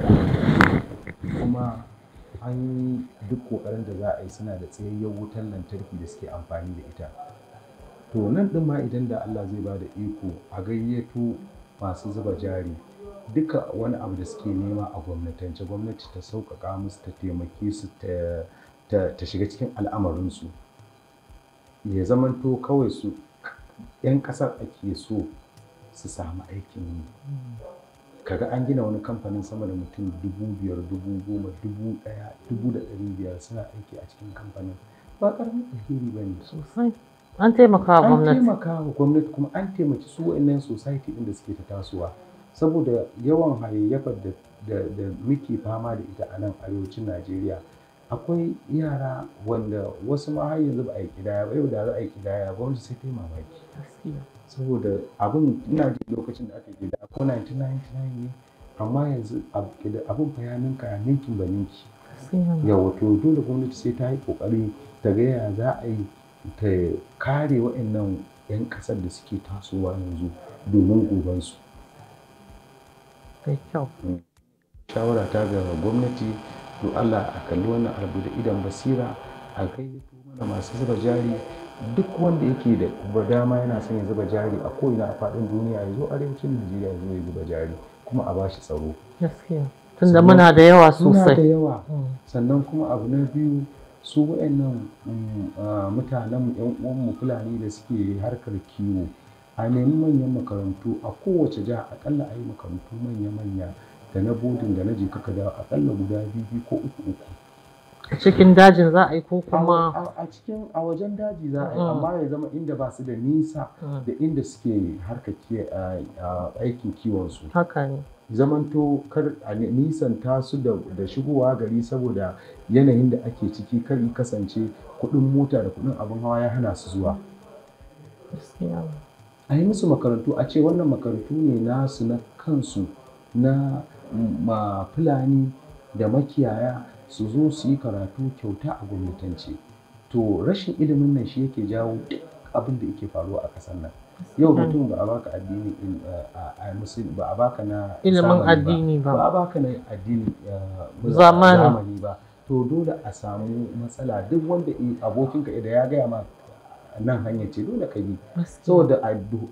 kuma an yi duk ƙoƙarin da za a yi suna da tsayayyar wutar lantarki da suke amfani da ita to nan din ma idan da allah zai ba da iko a gayyato masu zuba jari duka wani abu da suke nema a gwamnatance gwamnati ta sauƙaƙa musu ta taimake su ta shiga cikin al'amarinsu ya zamanto kawai su 'yan ƙasar ake so su samu aikin yi kaga an gina wani kamfanin sama da mutum dubu biyar dubu goma dubu ɗaya dubu da ɗari biyar suna aiki a cikin kamfanin ba ƙaramin alheri ba ne sosai an taimaka wa gwamnati an taimaka wa gwamnati kuma an taimaki su wa'annan society inda da suke ta tasowa saboda yawan hayayyafar da muke fama da ita a nan arewacin Najeriya akwai yara wanda wasu ma har yanzu ba a yi kidaya ba yau da za a yi kidaya gwamnati sai ta mamaki saboda abin ina ji lokacin da aka yi kidaya ko 1999 ne amma yanzu abin fa ya ninka ninkin ba ninki yawa to dole gwamnati sai ta yi kokari ta ga yaya za a yi ta kare waɗannan 'yan ƙasar da suke tasowa yanzu domin gobansu. kyau. Mm. Shawara ta ga gwamnati to Allah a kalli wannan abu da idan basira a kai da masu zuba jari duk wanda yake da dama yana son ya zuba jari a ko'ina a faɗin duniya ya zo arewacin Najeriya zo ya zuba jari kuma a bashi tsaro. da yawa mm. Sannan kuma abu na biyu su waɗannan mm, mutanen yan uwanmu Fulani da suke harkar kiwo a nemi manyan makarantu a kowace jiha akalla a yi makarantu manya-manya. da na bodin da na je kaka da akalla guda biyu ko uku uku a cikin dajin za a yi ko kuma a cikin a wajen daji za a yi hmm. amma ya zama inda ba su da nisa hmm. da inda suke harka aikin kiwon su haka ne zamanto kar a nisan ta su da shigowa gari saboda yanayin da ake ciki kar kasance kuɗin mota da kuɗin abin hawa ya hana su zuwa a yi musu makarantu a ce wannan makarantu ne nasu na kansu na ma fulani da makiyaya su zo su yi karatu kyauta a gwamnatance to rashin ilimin nan shi yake jawo duk abin da yake faruwa a ƙasar nan yau mutum ba a baka addini ba a na ilimin ba ba a baka na addini zamani ba to dole a samu matsala duk wanda abokinka idan ya gaya ma nan hanyar ce dole ka yi saboda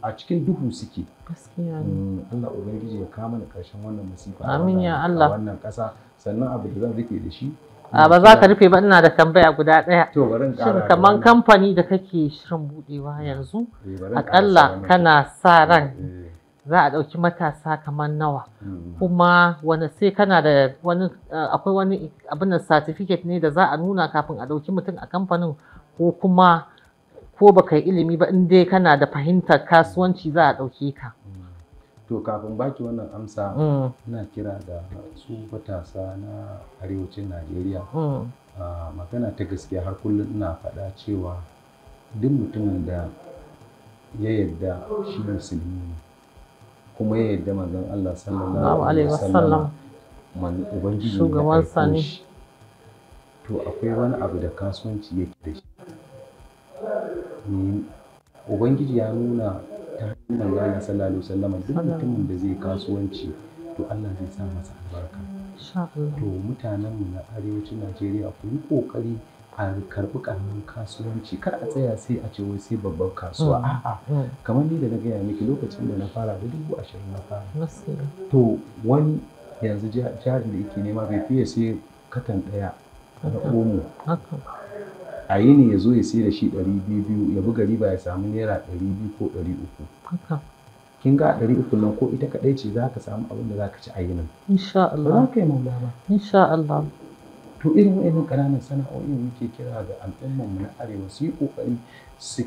a cikin duhu suke mm, Allah ubangiji ya kama mana karshen wannan musifa amin ya Allah wannan kasa sannan abu da zan rufe da shi a ba za ka rufe ba ina da tambaya guda ɗaya shin kaman kamfani da kake shirin budewa eh, yanzu akalla kana sa ran eh. za a dauki matasa kamar nawa mm. kuma wani sai kana da wani eh, akwai wani abin certificate ne da za a nuna kafin a dauki mutum a kamfanin ko kuma ko baka yi ilimi ba in dai kana da fahimtar kasuwanci za a ɗauke ka. Mm. To kafin baki wannan amsa mm. ina kira da su matasa na arewacin Najeriya. Mm. Magana ta gaskiya har kullum ina faɗa cewa duk mutumin da ya yarda shi musulmi ne kuma ya yarda manzon Allah sallallahu alaihi wasallam ubangiji shugaban ne to akwai wani abu da kasuwanci yake da shi ubangiji ya nuna ta hannun rana sallallahu alaihi duk mutumin da zai kasuwanci to Allah zai sa masa albarka to mutanen mu na arewacin Najeriya ku yi kokari a karɓi ƙaramin kasuwanci kar a tsaya sai a ce wai sai babban kasuwa mm, a'a mm. kamar ni da na gaya miki lokacin da na fara da dubu ashirin na fara to wani yanzu jarin da yake nema bai fiye sai katan ɗaya na omo a yi ne ya zo ya sai da shi ɗari biyu ya buga riba ya samu naira ɗari biyu ko ɗari uku kin ga ɗari uku nan ko ita kaɗai ce za ka samu abin da za ka ci a yinin insha Allah ba za ka yi maula ba insha Allah to irin wa'annan ƙananan sana'o'i muke kira ga al'umman mu na arewa su yi ƙoƙari su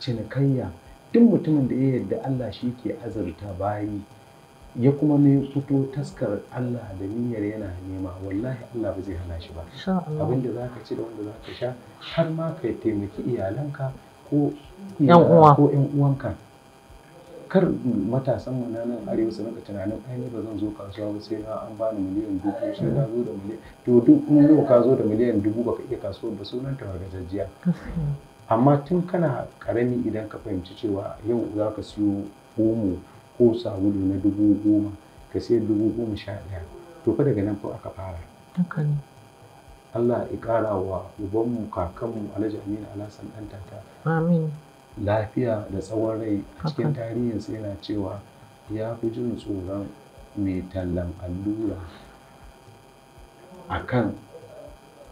cinikayya duk mutumin da ya yarda Allah shi ke azurta bayi ya kuma ne fito taskar Allah da niyyar yana nema wallahi Allah ba zai hana shi ba Abinda da zaka ci da wanda zaka sha har ma ka taimaki iyalanka ko yan uwanka kar matasan mu na nan arewa su rinka tunanin ai ba zan zo kasuwa ba sai na an bani miliyan dubu sai na zo da miliyan to duk in yau ka zo da miliyan dubu baka iya kasuwa ba sunan ta wargajajjiya amma tun kana karami idan ka fahimci cewa yau za ka siyo omo ko sabulu na dubu goma ka sayar dubu goma sha ɗaya to fa daga nan fa aka fara Allah ya ƙara wa ubanmu kakanmu alhaji aminu alhassan ɗan tata amin lafiya da tsawon rai a cikin sa yana cewa ya fi jin tsoron mai tallan allura a kan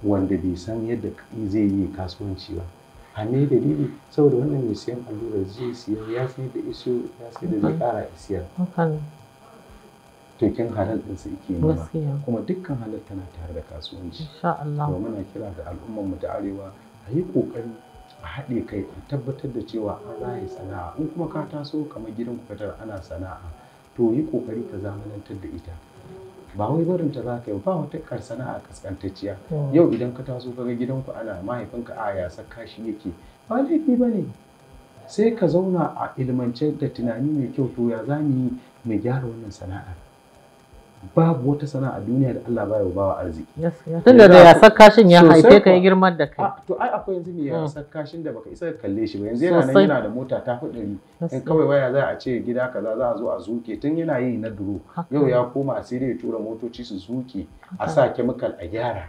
wanda bai san yadda zai yi kasuwanci ba a da saboda wannan mai siyan allurar zai siya ya fi da iso ya sai da zai kara isiyar to kin halal su ike nema kuma dukkan halal tana tare da kasuwanci muna kira da al'ummar mu ta arewa a yi kokari a haɗe kai a tabbatar da cewa an raye sana'a in kuma ka taso kamar gidan ku ana sana'a to yi kokari ka zamanantar da ita ba wai barin ta zaka yi ba wata kar sana'a kaskantacciya hmm. yau idan ka taso ga gidanku ana mahaifinka a ya saka shi yake ba laifi ba ne sai ka zauna a ilmance da tunani mai kyau to ya zamu yi mu gyara wannan sana'ar babu wata sana'a duniya da Allah baya bawa arziki tunda da ya yasar kashin ya haife ka ya girman da kai to ai akwai yanzu ne ya yasar hmm. kashin da baka isa ka kalle shi ba yanzu yana nan yana da mota ta fi ɗari in kawai waya za a ce gida kaza za a zo a zuke tun yana yi na duro yau ya koma asiri ya tura motoci su zuke a sa kemikal a gyara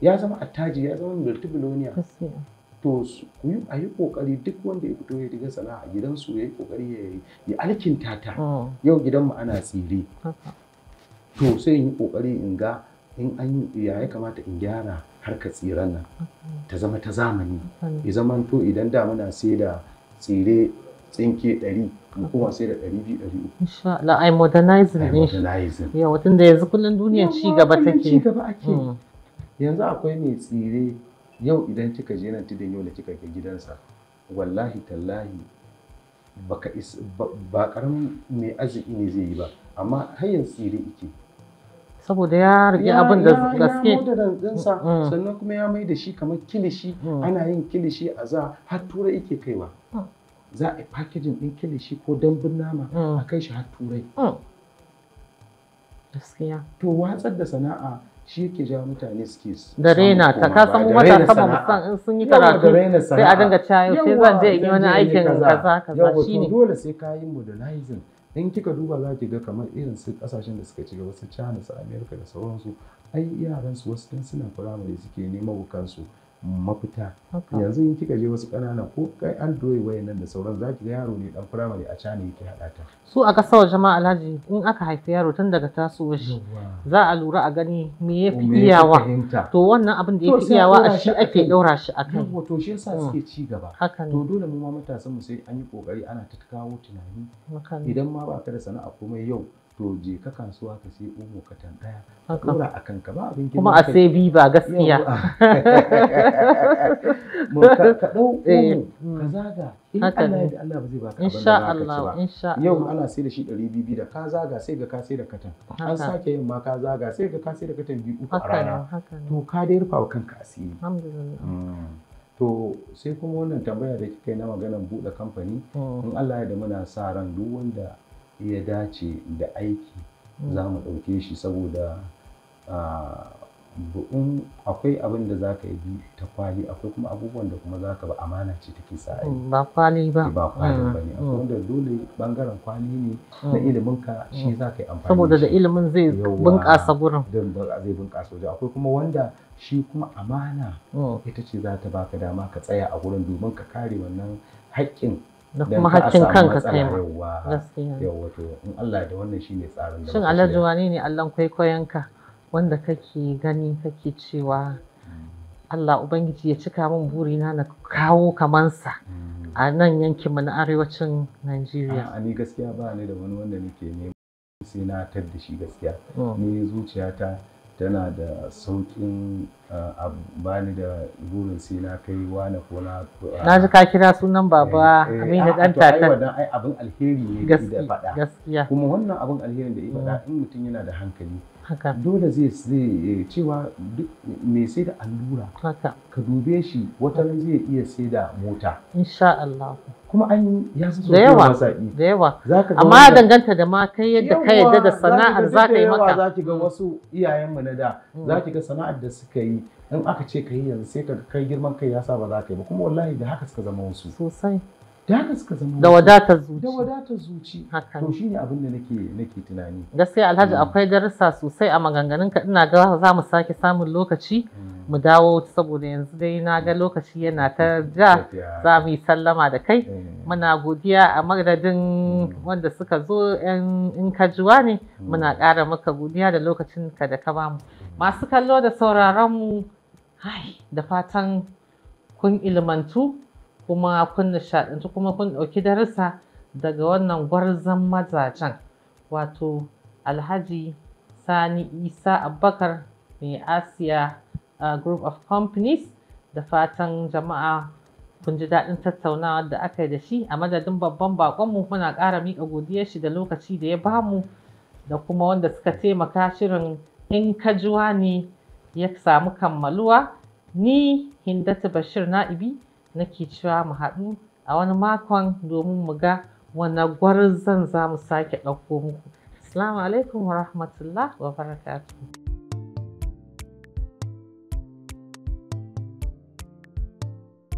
ya zama attaji ya zama multibiloniya to ku yi a yi kokari duk wanda ya fito ya diga sana'a gidansu ya yi kokari ya alkinta ta hmm. yau gidanmu ana tsire to sai in yi kokari in ga in an ya ya kamata in gyara harkar tsiran nan ta zama ta zamani ya zama to idan da muna sai da tsire tsinke ɗari mu kuma sai da ɗari biyu ɗari uku. Insha Allah ai modernizing ne. Modernizing. Yawa da yanzu kullum duniya ci gaba take. gaba ake. Hmm. Yanzu akwai mai tsire yau idan kika je nan tudun yau da kika ga gidansa wallahi tallahi baka ba karamin mai arziki ne zai yi ba amma har yanzu tsire ike. saboda ya rike abin da gaske ya rantsinsa mm, mm. sannan kuma ya mai da shi kamar kilishi mm. ana yin kilishi a za har turai yake kaiwa za a yi packaging ɗin kilishi ko dambun nama a kai shi har turai gaskiya to watsar da sana'a shi yake jawo mutane suke da raina ta ka san matasa musan in sun yi karatu sai a dinga cayo sai zan je in yi wani aikin kaza kaza shine dole sai ka yi modernizing in kika duba za ki ga kamar irin su kasashen da suka ci gaba su China su America da sauransu ai yaran su wasu tun suna firamare suke neman kansu mafita yanzu in kika je wasu ƙananan ko kai an doye nan da sauran zaki ga yaro ne dan firamare a cani yake hada ta su a kasar jama'a alhaji in aka haifi yaro tun daga tasowa shi za a lura a gani me ya fi oh, iyawa to wannan abin da yake iyawa a shi ake daura shi a kai to shi yasa mm. suke ci gaba to dole mu ma matasan mu sai an yi kokari ana ta kawo tunani idan ma ba ka da sana'a komai yau to je ka kasuwa ka sai omo katan daya ka dora a ka ba abin kuma a sai bi ba gaskiya ka dau eh, omo mm. ka zaga in eh, Allah ya Allah ba zai baka abin da Allah insha Allah yau ana sai da shi 200 da ka zaga sai ga ka sai da katan an sake yin ma ka zaga sai ga ka sai da katan biyu uku a rana to ka dai rufa wa kanka asiri alhamdulillah mm. To sai kuma wannan tambaya da kika yi na maganar buɗe kamfani, mm. in Allah ya da muna sa ran duk wanda ya dace da aiki mm. za mu ɗauke shi saboda bu'un akwai abin da za ka bi ta kwali akwai kuma abubuwan da kuma za ka ba amana ce take sa a mm, ba kwali ba ba kwali mm. ba ne akwai wanda dole bangaren kwali ne na ilimin ka shi za ka yi amfani saboda da ilimin zai bunƙasa gurin zai bunƙasa wajen akwai kuma wanda shi kuma amana ita ce za ta baka dama ka tsaya a gurin domin ka kare wannan haƙƙin da kuma haccin kanka kai ma gaskiya yawa to in Allah da wannan shine tsarin da shin Allah juwani ne Allah kwaikwayonka wanda kake gani kake cewa hmm. Allah Ubangiji ya cika min burina na kawo kamansa hmm. a nan yankin mu na arewacin Najeriya. A ni gaskiya ba da wani wanda nake nema sai na tar da shi gaskiya. Hmm. Ni zuciyata tana da sauƙin ah, bani da burin sai na kai wani ko na ah, na ji ka kira sunan baba amin da ɗan wannan ai abin alheri ne da faɗa kuma wannan abin alheri da ya fada mm. in mutum yana da hankali haka dole zai zai eh, cewa mai sai da allura haka ka dube shi wata zai iya sai da mota insha Allah kuma an ya su da yawa da yawa amma ya danganta da ma kai yadda ka yadda da sana'ar za ka yi maka za ki ga mm. wasu iyayen mu na da mm. za ki ga sana'ar da suka yi in aka ce ka yi yanzu sai ka kai girman kai ya sa ba za ka yi ba kuma wallahi da haka suka zama wasu sosai da zama da wadatar zuci da wadatar zuci to shine abin da nake nake tunani gaskiya alhaji mm. akwai darussa sosai a maganganun ka ina ga za mu sake samun lokaci mm. mu dawo saboda yanzu dai na ga lokaci yana ta ja za mu yi sallama da kai mm. muna godiya a madadin wanda suka zo yan in jiwa ne muna ƙara maka godiya da lokacin ka da ka bamu masu kallo da sauraron mu da fatan kun ilmantu kuma kun nishaɗantu kuma kun ɗauki darasa daga wannan gwarzon mazajen wato alhaji sani isa abubakar mai asiya group of companies da fatan jama'a kun ji daɗin tattaunawa da aka yi da shi a madadin babban bakonmu muna ƙara miƙa godiyar shi da lokaci da ya bamu da kuma wanda suka taimaka shirin in kajuwa ne ya samu kammaluwa ni hindatu bashir na'ibi nake cewa mu haɗu a wani makon domin mu ga wani gwarzon za mu sake ɗauko muku. Assalamu alaikum wa rahmatullah wa barakatuh.